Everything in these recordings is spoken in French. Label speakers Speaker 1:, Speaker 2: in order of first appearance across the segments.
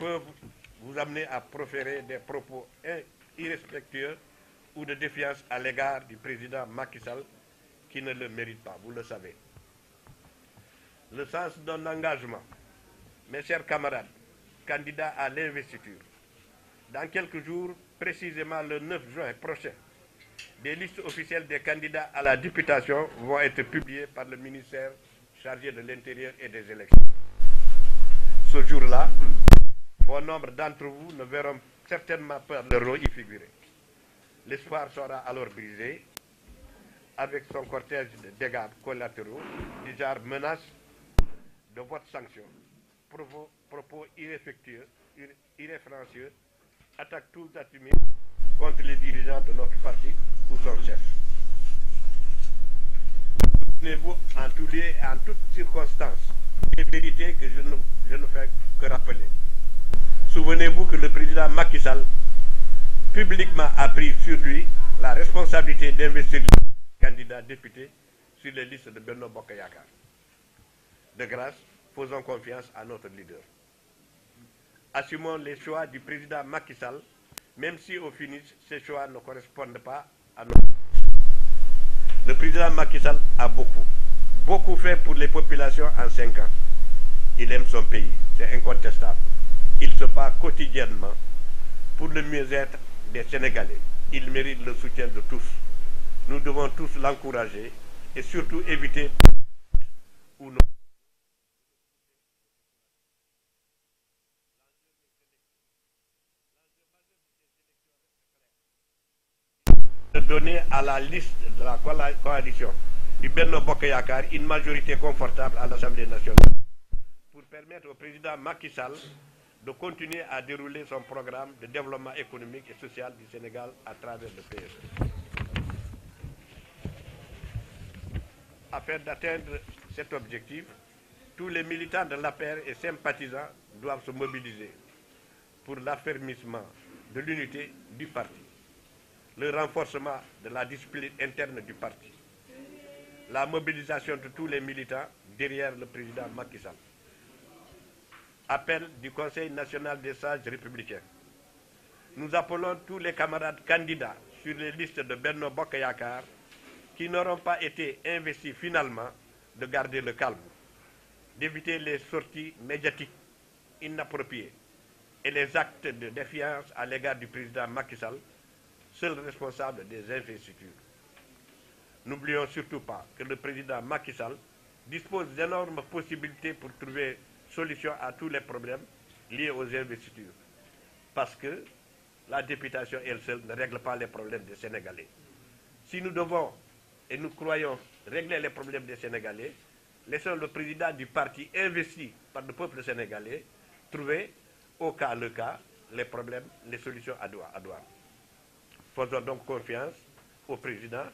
Speaker 1: peuvent vous amener à proférer des propos irrespectueux ou de défiance à l'égard du président Macky Sall qui ne le mérite pas, vous le savez. Le sens d'un engagement, mes chers camarades, candidats à l'investiture, dans quelques jours, précisément le 9 juin prochain, des listes officielles des candidats à la députation vont être publiées par le ministère chargé de l'Intérieur et des élections. Ce jour-là, Bon nombre d'entre vous ne verront certainement pas le rôle y figurer. L'espoir sera alors brisé avec son cortège de dégâts collatéraux du genre menace de votre sanction, propos, propos irréfectueux, irréférencieux, attaque tous assumées contre les dirigeants de notre parti ou son chef. Souvenez-vous en, lieux et en toutes circonstances les vérités que je ne fais que rappeler. Souvenez-vous que le président Macky Sall publiquement a pris sur lui la responsabilité d'investir le candidat député sur les listes de Bernard Bokayaka. De grâce, faisons confiance à notre leader. Assumons les choix du président Macky Sall, même si au finish, ces choix ne correspondent pas à nos... Le président Macky Sall a beaucoup, beaucoup fait pour les populations en 5 ans. Il aime son pays, c'est incontestable. Il se bat quotidiennement pour le mieux-être des Sénégalais. Il mérite le soutien de tous. Nous devons tous l'encourager et surtout éviter ou non. de donner à la liste de la coalition du Benno Bokayakar une majorité confortable à l'Assemblée nationale pour permettre au président Macky Sall de continuer à dérouler son programme de développement économique et social du Sénégal à travers le PSE. Afin d'atteindre cet objectif, tous les militants de la l'APR et sympathisants doivent se mobiliser pour l'affermissement de l'unité du parti, le renforcement de la discipline interne du parti, la mobilisation de tous les militants derrière le président Macky Sall. Appel du Conseil national des sages républicains. Nous appelons tous les camarades candidats sur les listes de Bernard Bokayakar qui n'auront pas été investis finalement de garder le calme, d'éviter les sorties médiatiques inappropriées et les actes de défiance à l'égard du président Macky Sall, seul responsable des investitures. N'oublions surtout pas que le président Macky Sall dispose d'énormes possibilités pour trouver solution à tous les problèmes liés aux investitures. Parce que la députation elle seule ne règle pas les problèmes des Sénégalais. Si nous devons, et nous croyons, régler les problèmes des Sénégalais, laissons le président du parti investi par le peuple sénégalais trouver, au cas le cas, les problèmes, les solutions à douane. Faisons donc confiance au président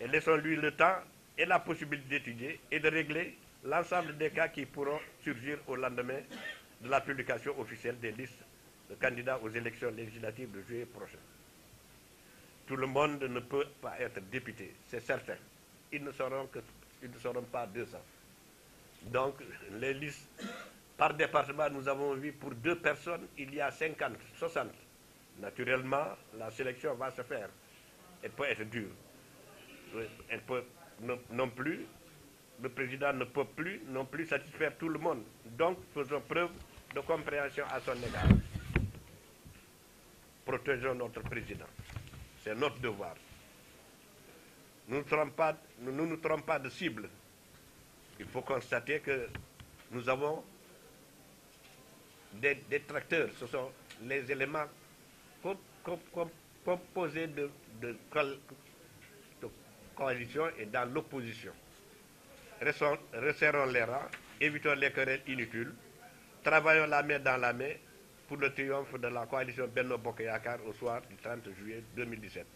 Speaker 1: et laissons-lui le temps et la possibilité d'étudier et de régler l'ensemble des cas qui pourront surgir au lendemain de la publication officielle des listes de candidats aux élections législatives de juillet prochain. Tout le monde ne peut pas être député, c'est certain. Ils ne seront, que, ils ne seront pas Donc, les listes, par département, nous avons vu pour deux personnes, il y a 50, 60. Naturellement, la sélection va se faire. Elle peut être dure. Elle peut non plus le président ne peut plus non plus satisfaire tout le monde. Donc, faisons preuve de compréhension à son égard. Protégeons notre président. C'est notre devoir. Nous ne, nous, trompons pas de cible. Il faut constater que nous avons des détracteurs. Ce sont les éléments composés de coalition et dans l'opposition resserrons les rangs, évitons les querelles inutiles, travaillons la main dans la main pour le triomphe de la coalition Benno Bokeyakar au soir du 30 juillet 2017.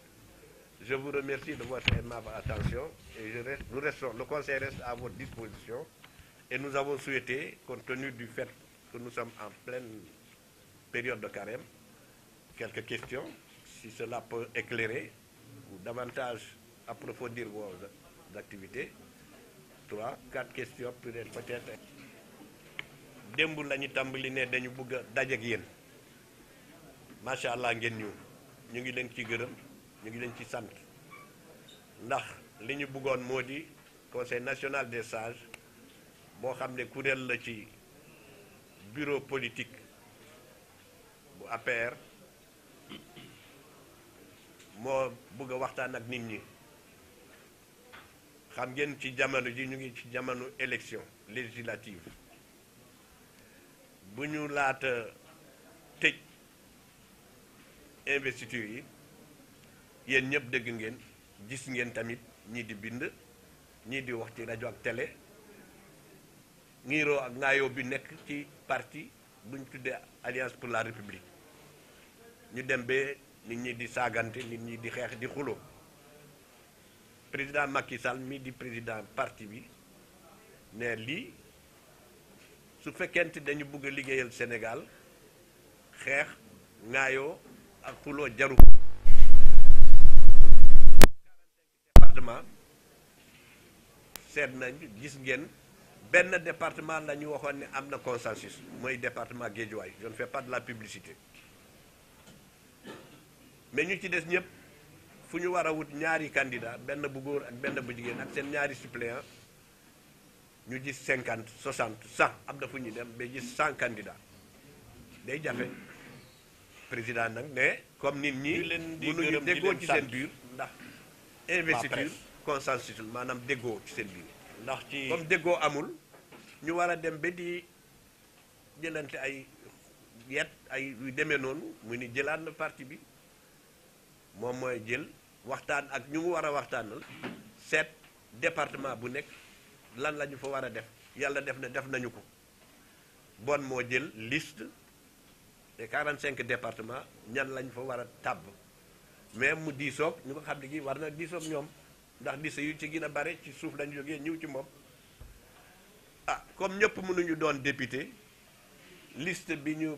Speaker 1: Je vous remercie de votre aimable attention et nous restons, le Conseil reste à votre disposition et nous avons souhaité, compte tenu du fait que nous sommes en pleine période de carême, quelques questions, si cela peut éclairer ou davantage approfondir vos activités. Kad 4 questions peut-être peut-être demb lañu tambali ne dañu bëgg dajé ak yeen ma sha Allah ngeen ñu ñu ngi leen ci gërëm ñu ngi leen ci sant ndax li bëggoon moo conseil national des sages boo xam ne la ci bureau politique bu APR mo bëgg waxtaan ak nit ñi xam ngeen ci jamono ji ñu ngi ci jamono élection législative bu ñu laata tëj investiture yi yéen ñëpp dégg ngeen gis ngeen tamit ñii di bind ñii di wax ci rajo ak télé ngiiroo ak ngaayoo bi nekk ci parti bu ñu tuddee alliance pour la république ñu dem ba nit ñi di saagante nit ñi di xeex di xuloo président Macky Sall mi di président parti bi ne li su fekkente dañu bëgg a liggéeyal Sénégal xeex Nayo, ak xuloo jaru département seet nañ gis ngeen benn département la ñu waxoon ne am na consensus mooy département Guédiawaye je ne fais pas de la publicité mais ñu ci des ñëpp fu ñu war a wut ñaari candidat benn bu góor ak benn bu jigéen ak seen ñaari suppléant ñu gis cinquante soixante cent am na fu ñu dem ba gis cent candidat day jafe président nag ne comme nit ñi mënuñu déggoo ci seen biir ndax investiture consensus maanaam déggoo ci seen biir ndax ci comme déggoo amul ñu war a dem ba di jëlante ay yet ay yu demee noonu mu ni jëlaat na parti bi moom mooy jël waxtaan ak ñu mu war a waxtaanal seet département bu nekk lan la ñu fa war a def yàlla def na def nañu ko bon moo jël liste te 45 département ñan lañ fa war a tàbb mais mu diisoog ñu ko xam ne gi war na diisoog ñoom ndax liste yu ci gën a bare ci suuf lañ jógee ñëw ci moom ah comme ñëpp mënuñu doon député liste bi ñu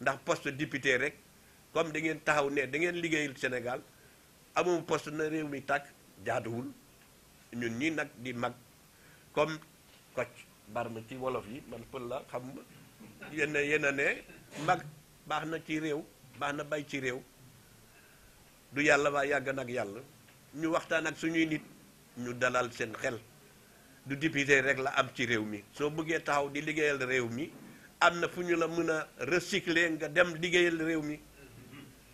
Speaker 1: ndax poste député rek comme da ngeen taxaw ne da ngeen liggéeyal Sénégal amoon post na réew mi tàkk jaaduwul ñun ñi nag di mag comme koc bar ma ci wolof yi man pël la xam yenn yenn ne mag baax na ci réew baax na bay ci réew du yàlla waa yàgg nag yàlla ñu waxtaan ak suñuy nit ñu dalal seen xel du député rek la am ci réew mi soo bëggee taxaw di liggéeyal réew mi amna na la mëna recycler nga dem liggéeyal réew mi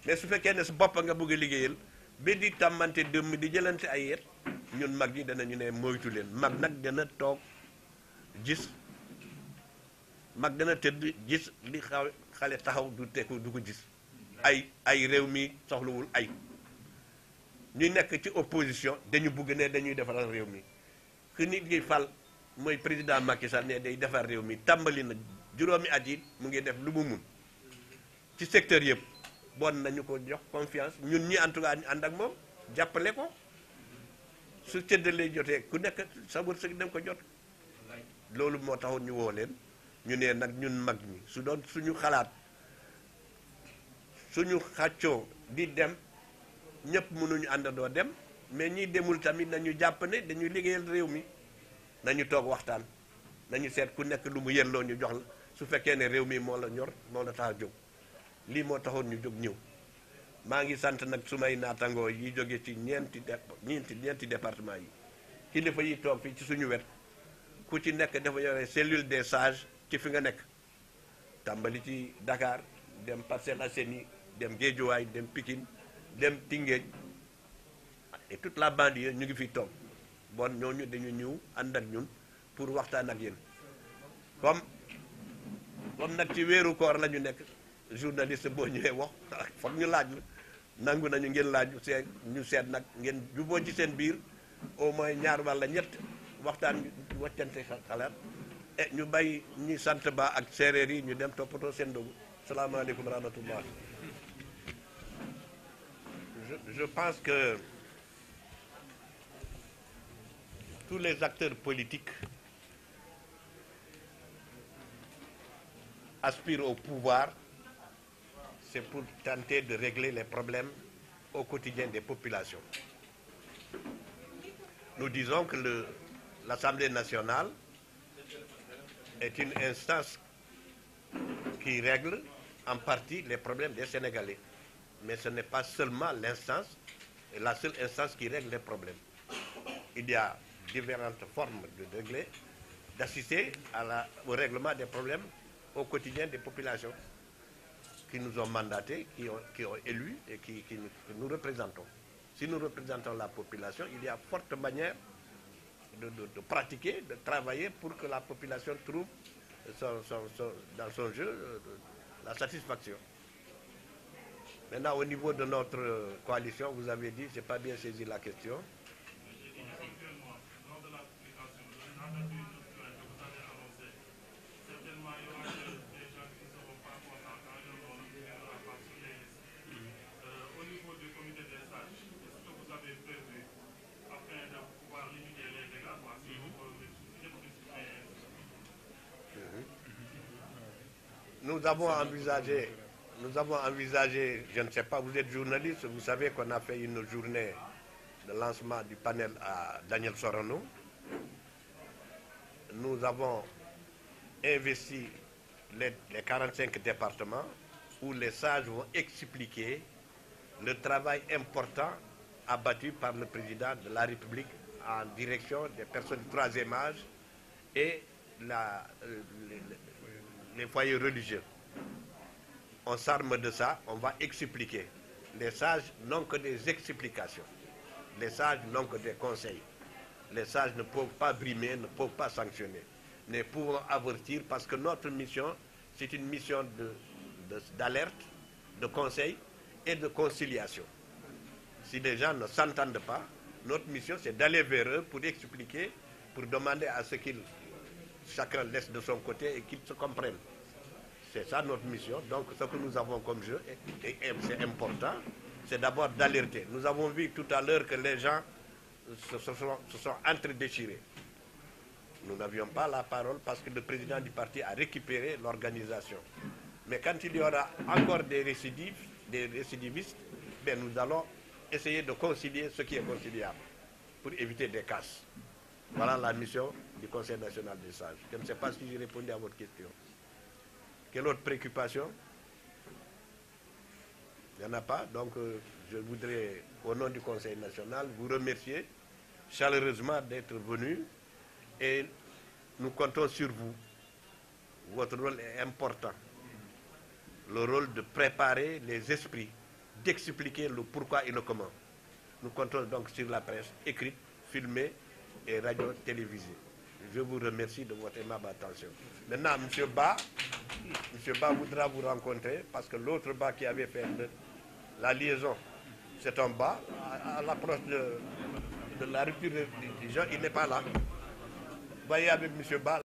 Speaker 1: mais su fekkee ne su bopp nga bëgg a liggéeyal ba di tàmmante dëmm di jëlante ay yet ñun mag ñi danañu ne moytu leen mag nag dana toog gis mag dana tëdd gis li xaw xale taxaw du teku du ko gis ay ay réew mi soxlawul ay ñu nekk ci opposition dañu bëgg ne dañuy defaral réew mi ki nit ki fal mooy président Macky Sall ne day defar réew mi tàmbali na juróomi at yi mu ngi def lu mu mun ci secteur yëpp bon nañu ko jox confiance ñun ñi en tout cas ñu ànd ak moom jàppale ko su cëddalee jotee ku nekk sa wërsëg dem ko jot loolu moo taxoon ñu woo leen ñu ne nag ñun mag ñi su doon suñu xalaat suñu xàccoo di dem ñëpp mënuñu àndandoo dem mais ñi demul tamit nañu jàpp ne dañuy liggéeyal réew mi nañu toog waxtaan nañu seet ku nekk lu mu loo ñu jox la su fekkee ne réew mi moo la ñor moo la tax a jóg lii moo taxoon ñu jóg ñëw maa ngi sant nag su may naatangoo yi jóge ci ñeenti dé ñeenti ñeenti département yi kilifa yi toog fii ci suñu wet ku ci nekk dafa yore cellule des sage ci fi nga nekk tàmbali ci dakaar dem Parcelles Assainies dem géejuwaay dem Pikine dem Tingéej et toute la bande yi ñu ngi fi toog bon ñooñu dañu ñëw ànd ak ñun pour waxtaan ak yéen comme kon nak ci wéru koor lañu nek journaliste bo ñu wax fakk ñu laaj nangu nañu ngeen laaj see ñu sét nak ngeen bo ci seen biir au moins ñaar wala ñett waxtaan waccante xalaat e ñu bay ñi sant ba ak séeréer yi ñu dem topoto seen dogu alaykum rahmatullah je, je pense que tous les acteurs politiques aspire au pouvoir, c'est pour tenter de régler les problèmes au quotidien des populations. Nous disons que l'Assemblée nationale est une instance qui règle en partie les problèmes des Sénégalais. Mais ce n'est pas seulement l'instance, la seule instance qui règle les problèmes. Il y a différentes formes de régler, d'assister au règlement des problèmes au quotidien des populations qui nous ont mandatés, qui ont, qui élus et qui, nous, représentons. Si nous représentons la population, il y a forte manière de, pratiquer, de travailler pour que la population trouve dans son jeu euh, la satisfaction. Maintenant, au niveau de notre coalition, vous avez dit, je n'ai pas bien saisi la question. nous avons envisagé, nous avons envisagé, je ne sais pas, vous êtes journaliste, vous savez qu'on a fait une journée de lancement du panel à Daniel Sorano. Nous avons investi les, 45 départements où les sages vont expliquer le travail important abattu par le président de la République en direction des personnes du troisième âge et la, euh, les foyers religieux. On s'arme de ça, on va expliquer. Les sages n'ont que des explications. Les sages n'ont que des conseils. Les sages ne peuvent pas brimer, ne peuvent pas sanctionner, ne pouvons avertir parce que notre mission, c'est une mission d'alerte, de, de conseil et de conciliation. Si les gens ne s'entendent pas, notre mission, c'est d'aller vers eux pour expliquer, pour demander à ce qu'ils chacun laisse de son côté et qu'ils se comprennent. C'est ça notre mission. Donc ce que nous avons comme jeu, et, c'est important, c'est d'abord d'alerter. Nous avons vu tout à l'heure que les gens se, sont, entre-déchirés. Nous n'avions pas la parole parce que le président du parti a récupéré l'organisation. Mais quand il y aura encore des récidives, des récidivistes, ben nous allons essayer de concilier ce qui est conciliable pour éviter des casses. Voilà la mission du Conseil national des sages. Je ne sais pas si j'ai répondu à votre question. Quelle autre préoccupation Il n'y en a pas. Donc, euh, je voudrais, au nom du Conseil national, vous remercier chaleureusement d'être venu et nous comptons sur vous. Votre rôle est important. Le rôle de préparer les esprits, d'expliquer le pourquoi et le comment. Nous comptons donc sur la presse écrite, filmée et radio télévisée. Je vous remercie de votre aimable attention. Maintenant, M. Ba, M. Ba voudra vous rencontrer parce que l'autre Ba qui avait fait la liaison, c'est un bas. À, l'approche de, la rupture des gens, il n'est pas là. Voyez avec M. Ba,